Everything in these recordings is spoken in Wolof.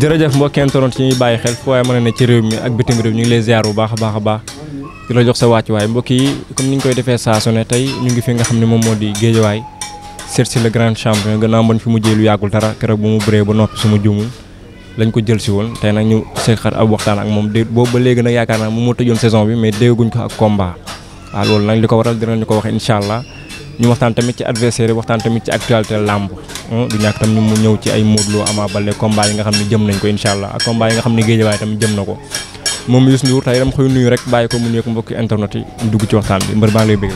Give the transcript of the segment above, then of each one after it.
jërëjëf mbokki internet yi ñuy bàyyi xel fu waaye mën ci réew mi ak bitim réew ñu ngi lay ziar bu baax a baax a baax di la jox sa wàccuwaay mbokk yi comme ni ñu koy defee saa ne tey ñu ngi fi nga xam ne moom moo di géejawaay seet si le grand champion gannaaw man fi mu jël lu yàggul dara keroog bu mu bëree ba noppi suma jumul lañ ko jël si woon tey nag ñu seqat ab waxtaan ak moom dé boobu ba léegi nag yaakaar naa moom moo tëjoon saison bi mais dégguñ ko ak combat waaw ah, loolu nag li ko waral dinañu ko wax incha allah ñu waxtaan tamit ci adversaire waxtaan tamit ci actualité làmb hmm, du ñàkk tam ñu mu ñëw ci ay Modou Lo Ama Baldé combat yi nga xam ne jëm nañ ko incha allah ak combat yi nga xam ne Guédiawaye tamit na ko moom Youssou Ndour tey dama koy nuyu rek bàyyi ko mu nuyoog mbokki internet yi ñu dugg ci waxtaan bi mbër baa ngi lay bëgg.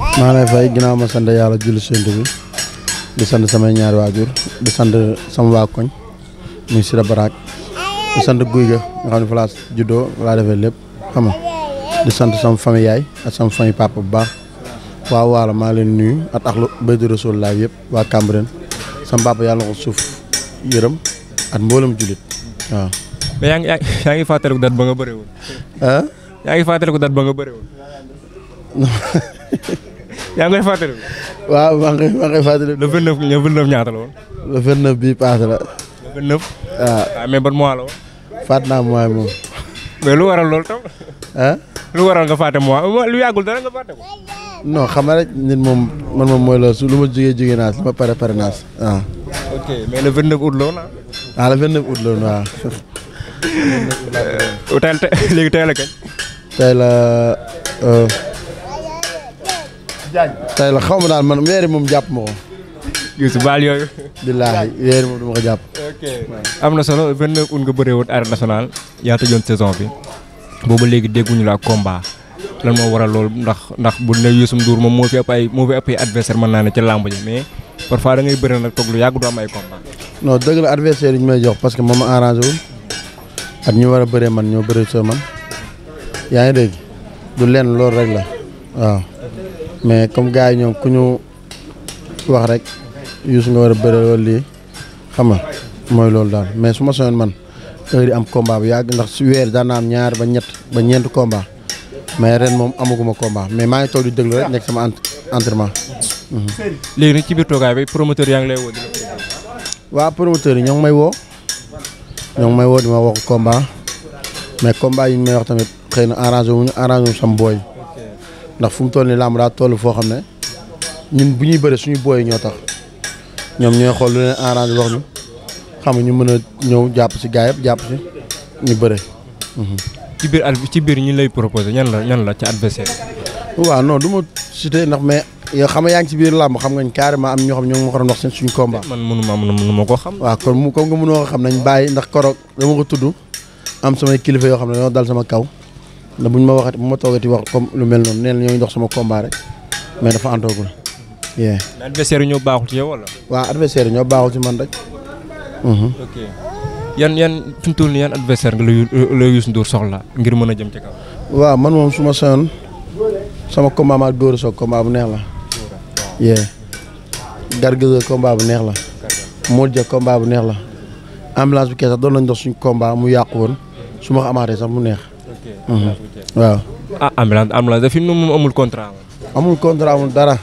maa ngi lay fay ginnaaw ma sant yàlla julli sant bi di sant samay ñaari waajur di sant sama waa koñ muy Sira Barak di sant guy ga laa juddoo laa lépp xam nga di sant sama fami yaay ak sama fami papa bu wa waa ma maa leen at ak axlu baydu rasul laay yëpp waa papa yàlla ko suuf at julit yang dat ba nga ah. yang ngi dat ba nga bëree woon. yaa ngi koy fàttaliku. waaw maa ngi maa ngi le 29 le 29 ñaata la woon. le 29 la. le 29. Ah. Ah, mais ban mois la mois mais lu waral loolu tam. ah. lu waral nga fàtte mois lu yàggul dara nga fàtte ko. non xam nga rek nit moom man moom mooy la su lu ma jógee jógee naa si ma pare pare naa si waaw. ok mais le ut août la woon ah. la waaw. tey tey léegi tey la kañ. tey la. Euh, tey la xaw ma daal man weer moom jàpp ma ko. Youssou baal yooyu. billaahi yéen moom dama ko jàpp. am na solo 29 août nga bëree woon arène nationale yaa tëjoon saison bi boobu léegi dégguñu la ak combat lan moo waral loolu ndax ndax bu ne Youssou Ndour moom moo fi ëpp ay moo fi ëpp ay adversaire mën naa ci làmb ji mais parfois da bëri nag toog lu yàgg du am ay combat. non dëgg la adversaire yi ñu may jox parce que moom ma arrangé wul ak war a bëree man ñoo bëree soo man yaa ngi dégg du lenn loolu rek la waaw mais comme gars yi ñoom Youssou nga war a bëre wala lii xam nga mooy loolu daal mais suma ma man heure am combat bu yàgg ndax su weer daan naa am ñaar ba ñett ba ñeent combat mais ren moom amaguma combat mais maa ngi toog di déglu rek nekk mhm. léegi ci biir bi promoteur yaa ngi lay woo. waa promoteur yi ñoom may woo ñoo may woo di ma wax combat mais combat yi ñu may wax tamit xëy na arrangé wu sam booy ndax fu mu toll nii làmb daa toll foo xam ne ñun bu ñuy bëre suñu booy ñoo tax. ñoom ñooy xool lu leen arrangé wax ñu xam ñu mën a ñëw jàpp si gaay yëpp jàpp si ñu bëre. Mhm. ci biir at ci biir ñu lay proposé ñan la ñan la ci adversaire waaw non du ma cité ndax mais yow xam nga yaa ngi ci biir làmb xam nga carrément am ñoo xam ñoo ngi ma ko doon wax seen suñu combat. man mënuma mënuma ko xam. waaw kon mu comme nga mënoo ko xam nañ bàyyi ndax koroog dama ko tudd am samay kilifa yoo xam ne dañoo dal sama kaw ndax buñ ma waxati bu ma toogati wax comme lu mel noonu neen na ñoo ngi dox sama combat rek mais dafa antoogul yeah. adversaire yi ñoo baaxul ci wala. waaw adversaire yi man rek. Mhm. ok yan yan fi mu toll nii yan adversaire nga la Youssou Ndour soxla ngir mën a jëm ci kaw. waaw man moom su ma sama combat ma ak Dóor combat bu neex la. yeah Garga combat bu neex la. Modou Dia combat bu neex la. ambulance bu kee doon nañ dox suñu combat mu yàqu woon su ma ko amaatee sax mu neex. ok mhm. waaw. ah ambulance ambulance daf fi amul contrat amul contrat amul dara.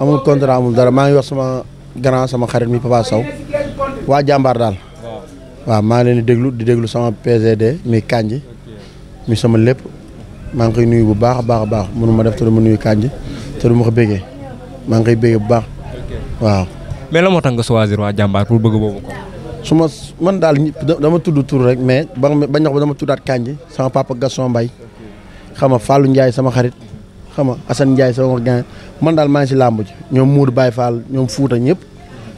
amul contrat amul dara maa ngi wax sama grand sama xarit mi Papa Sow waa jàmbaar daal waaw maa ngi leen di déglu di déglu sama PGD mi Kànji mi sama lépp maa ngi koy nuyu bu baax a baax a baax mënu ma def te du ma nuyu Kànji te du ma ko bëggee maa ngi koy bëggee bu baax waaw. mais la moo tax nga choisir waa jàmbaar pour bëgg boobu ko. su ma man daal dama tudd tur rek mais ba bañ wax ba dama tuddaat Kànji sama papa Gaston Mbaye xam nga Fallou njaay sama xarit. xama nga Assane Ndiaye sama gars man dal maa ci si ci ñom ñoom Mour Baye Fall ñom Fouta ñep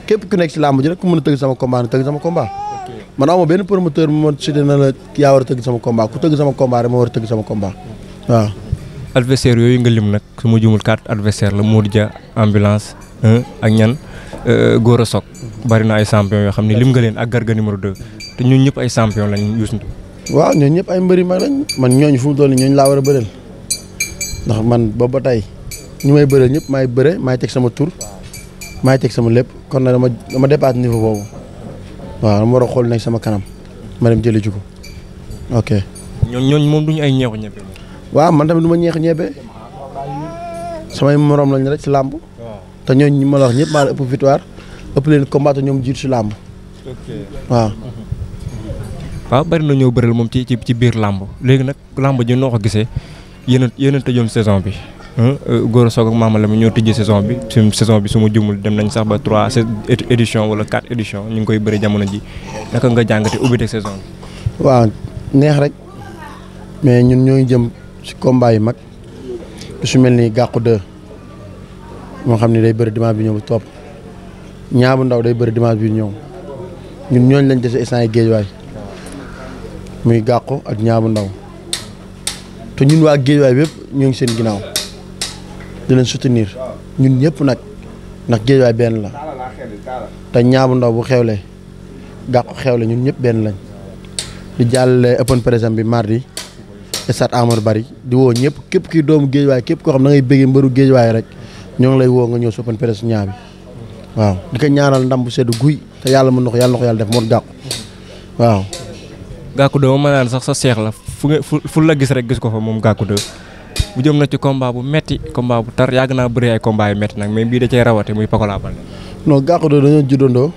kep ku nek ci làmb ji rek ku mëna teug sama combat teug sama combat man aw ben promoteur mo ci dina la ya war teug sama combat ku teug sama combat rek mo war teug sama combat wa adversaire yooyu nga lim nak su jumul quatre adversaire la Modou ambulance hein ak ñan euh goro sok bari na ay champion yo xamni lim nga len ak Garga numéro 2 te ñun ñep ay champion lañ Youssou wa ñun ñep ay mbeuri ma lañ man ñooñu fu doon ñoñ la wara beurel ndax man booba tey ñu may bëre ñëpp may bëre may tek sama tour may tek sama lepp kon na dama dama dépassé niveau bobu waaw dama wara xol xool sama kanam ma dem jëli ji ko ok. ñoon ñoon moom duñ ay ñeexu ñebe. waaw man tamit duma ma ñeex sama samay morom lañ rek ci lamb ta ñoon ñi ma la wax ñëpp ma la ëpp victoire ëpp leen combat ñom jitt ci lamb ok waaw. waaw bari na ñoo bëral mom ci ci biir lamb légui nak lamb ji noo ko gisee. yéen a yéen saison bi. Euh, Gora Sock ak Mama Lamine ñoo tijji saison bi suñ saison bi su jumul dem nañ sax ba trois édition wala quatre édition ñu koy bëri jamono ji naka nga jàngate ubbite saison bi. waaw neex rek mais ñun ñooy jëm ci combat yi mag su mel ni Gàqu moo xam ne day bëri dimanche bi ñëw topp ñaabu ndaw day bëri dimanche bi ñëw ñun ñooñu lañ dese instant yi géej muy Gàqu ak bu ndaw. te ñun waa Géejawaay bépp ñoo ngi seen ginnaaw di leen soutenir ñun ñëpp nag ndax géej Géejawaay benn la te ñaabu ndaw bu xewle gàqu le ñun ñëpp benn lañ di jàllale open presse bi mardi stade Amadou bari di woo ñëpp képp kii doomu géej Géejawaay képp koo xam da ngay bëggee géej waaye rek ñoo ngi lay woo nga ñëw si open presse ñaa waaw di ko ñaanal ndam bu sedd guy te yàlla mën ndox yàlla na yàlla def moo gàqu waaw. gàqu doomu ma naan sax sa la. fu nga fu la gis rek gis ko fa moom Gackou 2 bu jëm na ci combat bu metti combat bu tar yàgg naa bëri ay combat yu metti nag mais bii da cee rawate muy Pokola Baldé non Gackou 2 dañoo juddandoo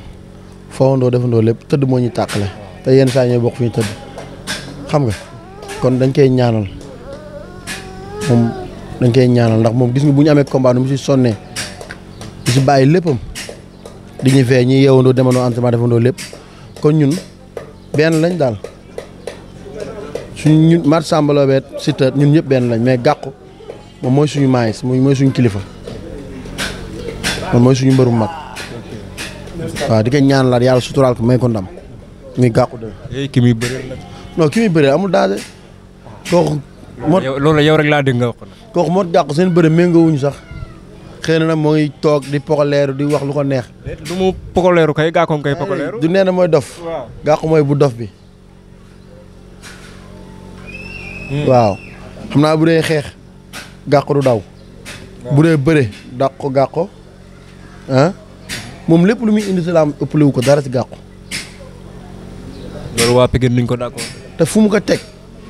fawandoo defandoo lépp tëdd moo ñu tàqale te yenn saa ñooy bokk fi ñu tëdd xam nga kon dañ koy ñaanal moom dañ koy ñaanal ndax moom gis nga bu ñu amee combat nu mu si sonnee di si bàyyi léppam di ñu fee ñuy yeewandoo demandoo entraînement defandoo lépp kon ñun benn lañ daal suñu ñun Mar Samba Lobé Siteu ñun ñëpp benn lañ mais Gàqu moom mooy suñu maïs mooy suñu kilifa moom mooy suñu mbërum mag waaw di ko ñaan laat yàlla suturaal ko may ko Gàqu de. Eh, ki muy bëree la. non ki muy bëree amul danger. kooku mot loolu yow rek laa dégg nga wax. kooku mot Gàqu seen bëre méngoowuñu sax. xëy na nag moo toog di pokoleeru di wax lu ko neex. Eh, du mu pokoleeru kay Gàqu kay pokoleeru. du nee na mooy dof. Gàqu mooy bu dof bi. waaw xam naa bu dee xeex gàqo du daw bu dee bëre dàq gàqo ah moom lépp lu muy indi si laam ëppale wu ko dara si gàqu loolu waa Pikine nuñ ko d'accord te fu mu ko teg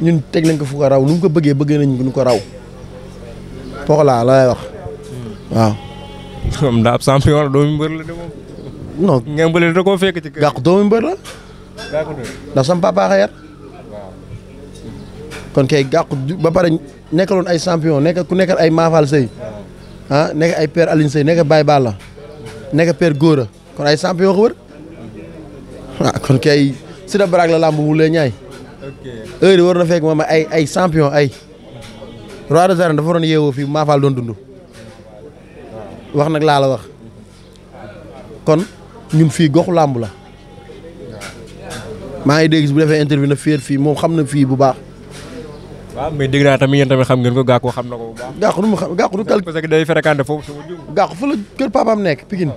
ñun teg nañ ko fu ko raw nu mu ko bëggee bëggee nañ nu ko raw poxlaa la lay wax hmm. waaw moom daa ab champion la doomu mbër la de moom koo fekk ci kër gàqu doomu la ndax sama papa kon kay gàqu ba pare nekkaloon ay champion nekk ku nekkal ay Mafal Sey ah nekk ay père Aline Sey nekk Baye Balla nekk père Gora kon ay champion ko wër ah, kon kay Sida Baraak la làmb mu ñaay heure war na fekk moom ay ay ay roi des arènes dafa waroon yeewoo fii Mafal doon dund wax nag laa la wax kon ñun fii gox làmb la maa ngi dégg bu defee interview na fii fii moom xam na fii bu baax. waaw mais dégg naa tamit yéen tamit xam ngeen ko gàkku na ko bu baax. gàkku du mu xam gàkku du tal. parce que day fréquenté foofu sama jiw. gàkku fa la kër papaam nekk Pikine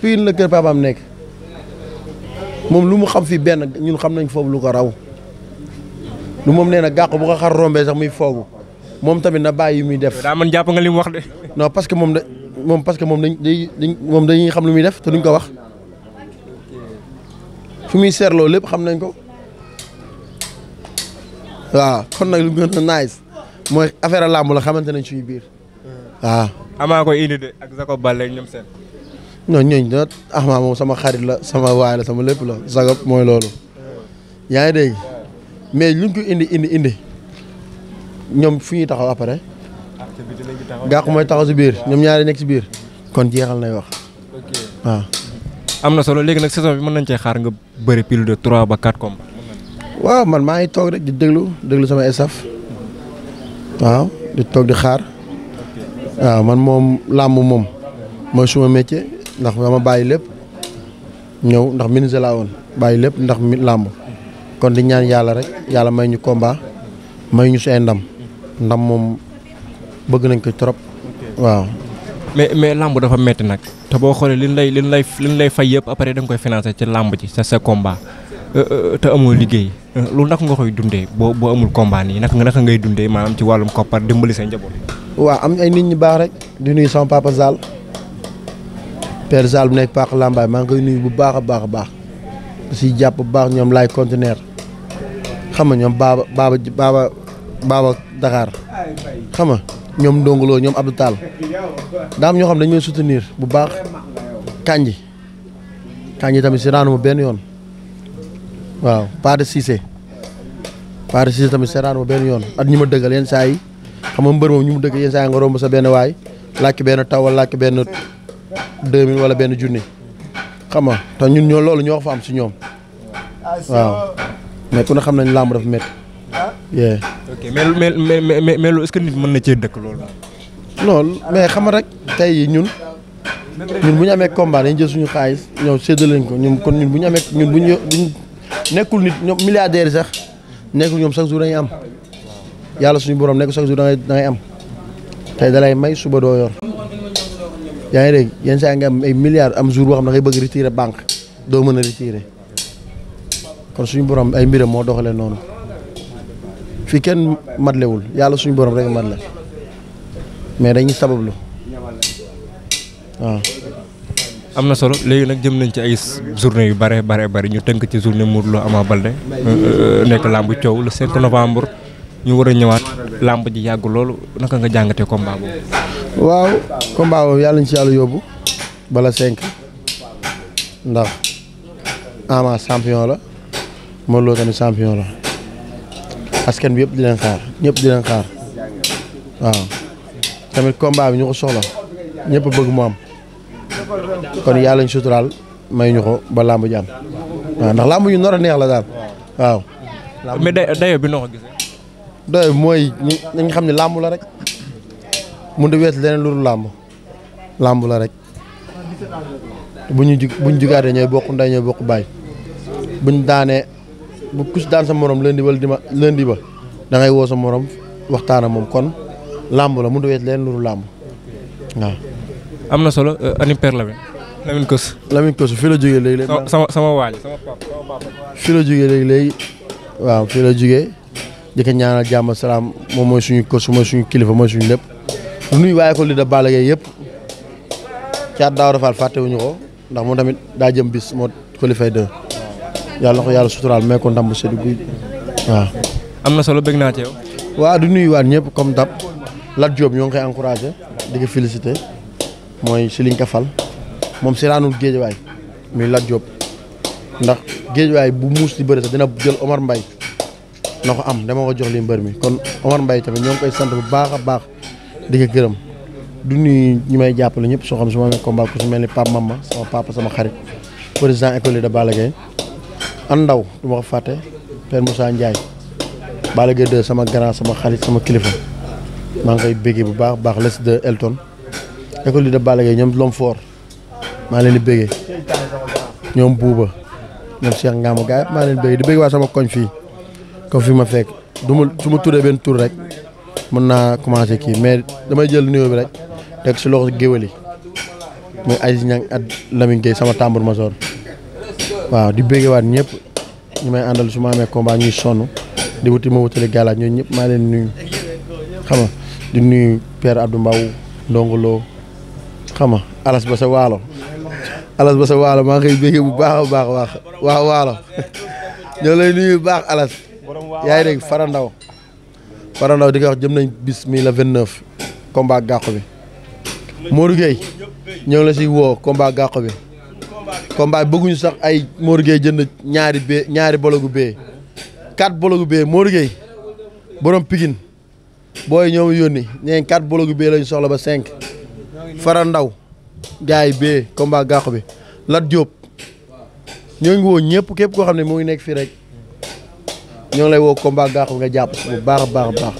Pikine la kër papaam nekk moom lu mu xam fii benn ñun xam nañ foofu lu ko raw lu moom nee na gàkku bu ko xar rombee sax muy foogu moom tamit na bàyyi yu muy def. daa man jàpp nga li mu wax de. no parce que moom da moom parce moom dañ day dañ moom dañuy xam lu muy def te duñ ko wax fu muy seetloo lépp xam nañ ko. waaw kon nag lu gën a nice mooy affaire làmb la xamante nañ suñu biir waaw. amaa ko indi de ak Jacob bale ñoom seen. non ñooñu da ah, sama xarit la sama waay sama lépp la Jacob mooy loolu. yaa ngi dégg mais luñ ko indi indi indi ñoom fu ñuy taxaw après. gàqu mooy taxaw si biir ñoom ñaari nekk si biir. kon jeexal nay wax. waaw. am na solo léegi nag saison bi mën nañ cee xaar nga bëri pile de 3 ba 4 combats. waaw man maa ngi toog rek di déglu déglu sama staff waaw di toog di xaar waaw man moom làmb moom mooy suma métier ndax ma bàyyi lépp ñëw ndax ministre laa woon bàyyi lépp ndax mi làmb kon di ñaan yàlla rek yàlla may ñu komba may ñu si ndam ndam moom bëgg nañ ko trop waaw. mais mais làmb dafa metti nag te boo xoolee li lay liñ lay liñ lay fay yëpp après da nga koy financé ci làmb ji sa sa combat. te amoo liggéey loolu naka nga koy dundee boo boo amul combat nii naka naka ngay dundee maanaam ci wàllum koppar dimbali sa njaboot. waa am ay nit ñu baax rek di nuyu sama papa Zal père Zal bu nekk Paax Lambaay maa ngi koy nuyu bu baax a baax a baax si jàpp bu baax ñoom laay conteneur xam nga ñoom baaba baaba baaba baaba Dakar xam nga ñoom ndongoloo ñoom Abdou Tall daam ñoo xam dañu may soutenir bu baax kanji kanji tamit si raanu ma benn yoon. waaw pas de Cissé pas de Cissé tamit seetaan ma benn yoon at ñi ma dëggal yenn saa yi xam nga mbër moom ñu mu dëgg yenn saa yi nga romb sa benn waay làkk benn taw wala làkk benn 2000 wala benn junni xam nga te ñun ñoo loolu ñoo fa am si ñoom mais ku xam nañ làmb dafa métti. ok mais mais mais mais est que nit mën na cee dëkk loolu. non mais xam rek tey ñun. ñun bu ñu amee combat dañu jël suñu xaalis ñëw séddale ko ñun kon ñun bu ñu amee ñun bu ñu nekkul nit ñoom milliardaire sax nekkul ñoom chaque jour dañuy am yàlla suñu borom nekk chaque jour da am tey dalay may suba doo yor yaa ngi dégg yenn saa nga am ay milliards am jour boo xam ne da bëgg retirer banque doo mën a retirer kon suñu boroom ay mbiram moo doxalee noonu fii kenn matlewul yàlla suñu borom rek matle mais dañuy sabablu waaw. am na solo léegi nag jëm nañ ci ay journée yu bare bare bari ñu tënk ci journée Modou Lo Ama Baldé euh, nekk làmb coow le 5 novembre ñu war a ñëwaat làmb ji yàgg loolu naka nga jàngatee combat boobu. waaw combat yàlla ñu ci yàlla yóbbu bala cinq ndax Ama champion la Modou Lo tamit champion la askan bi yëpp di leen xaar ñëpp di leen xaar waaw tamit combat bi ñu ko soxla ñëpp bëgg mu am. kon yàlla ñu suturaal may ñu ko ba làmb ji waaw ndax làmb ñu nar a neex la daal waaw. mais bi noo ko mooy nañ xam ne làmb la rek mun di weesu leneen lu dul làmb làmbu la rek bu ñu jug bu ñu jugaatee ñooy bokk nday ñooy bokk baay bu ñu daanee bu kus daan sa morom lundi wala dima lundi ba da ngay woo sa morom waxtaan moom kon làmb la mun di weesu leneen lu dul làmb waaw. am na solo euh, ani père Lamine. Lamine Kos. fii la jóge léegi-léegi. sama sama waaj sama papa. fii la léegi-léegi. waaw fii la jógee. di ko ñaanal jàmm salaam moom mooy suñu kos mooy suñu kilifa mooy suñu lépp. lu nuy waaye ko li da Balla Gaye yëpp. caat daaw dafaal fàttewuñu ko ndax moo tamit daa jëm bis moo ko dë. yàlla ko yàlla suturaal may ko ndam sedd guy. waaw. am na solo bëgg naa ci nuyuwaat ñëpp comme dab Lat Diop ñoo ngi koy encouragé di ko félicité. mooy ka fal moom géej waay muy Lat Diop ndax géej waay bu muus di bëri sax dina jël Omar mbay na ko am dama ko jox li mbër mi kon Omar Mbaye tamit ñoo ngi koy sant bu baax a baax di ko gërëm ñu nuyu may jàppale ñëpp soo xam su ma amee combat ku su mel ni Pape Mama sama papa sama xarit président école de Balla Gaye an ndaw du ko fàtte Père Moussa Ndiaye Balla Gaye sama grand sama xarit sama kilifa maa ngi koy béggee bu baax baax les de Elton école de Balla Gaye ñoom l'homme fort maa leen di bëggee ñoom buuba ñoom Cheikh Ngaamu gaay maa leen di bëggee di waa sama koñ fii ko fii ma fekk du ma suma ma tuddee benn tur rek mën naa commencé kii mais damay jël nuyoo bi rek teg si loxo géwél yi muy Aziz Niang at Lamine Gueye sama tambour ma soor waaw di bëggee waat ñëpp ñu may àndal su ma amee combat ñuy sonn di wuti ma wutali gàllaaj ñooñu ñëpp maa leen nuyu xam nga di nuyu Père Abdou Mbaw Ndongo Lo xam nga alas ba sa waalo alas ba sa waalo maa ngi koy bu baax a baax waax waaw waalo ñoo lay nuyu bu baax alas yaa ngi farandaw farandaw di ko wax nañ bis mi la vingt neuf combat gàqu bi Modou Gueye la si woo combat gàqu bi combat bëgguñu sax ay Modou Gueye jënd ñaari bee ñaari bologu bee quatre bologu bee Modou Gueye borom Pikine booy ñoom yónni ñeen quatre bologu bee lañ soxla ba cinq Fara Ndaw gaay bee combat gàqu bi Lat Diop ñoo ngi woo ñëpp képp koo xam ne mu ngi nekk fii rek ñoo ngi lay woo combat gàqu nga jàpp bu baax a baax a baax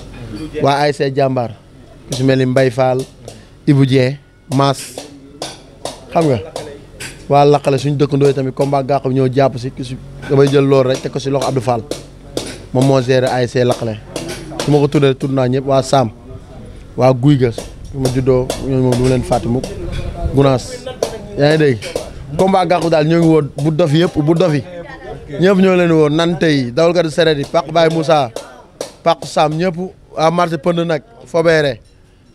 waa ASC jàmbaar ku si mel ni mbay Fall Ibou Dieng Maas xam nga waa laqale suñu dëkk yi tamit combat gàqu bi ñoo jàpp si ku si damay jël loolu rek te ko si loxo Abdou Fall moom moo gérer ASC laqale su ma ko tuddee tudd naa ñëpp waa Sam waa Guy Gas ma juddoo ñooñu moom du ma leen fàtte mukk gunaas yaa ngi dégg daal ñoo ngi woon bu dof yëpp bu dofi ñëpp ñoo leen woon nan tey dawalkatu seret yi paq Baye Moussa Sam ñëpp à marché pënd nag fobeere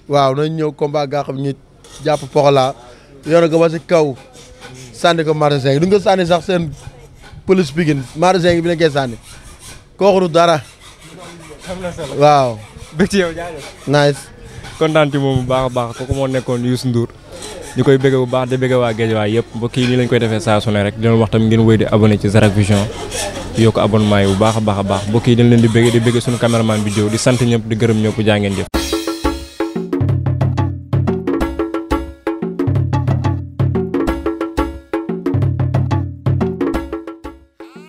waaw nañ ñëw combat gàqu ñu jàpp poxla yor ko ba kaw sànni ko marché seng du nga sànni sax seen pëlis Pikine marché seng bi ne koy sànni kooxuru dara waaw nice kontaan ci moom bu baax a baax kooku moo nekkoon Youssou Ndour ñu koy bëgg bu baax di bëgg waa Guédiawaye yëpp mbokk yi nii lañ koy defee saa su ne rek di leen wax tam ngeen wéy di abonné ci Zarak Vision yokk abonnement yi bu baax a baax dañ leen di bëgg di bëgg suñu caméraman bi Jow di sant ñëpp di gërëm ñëpp jaa ngeen jëf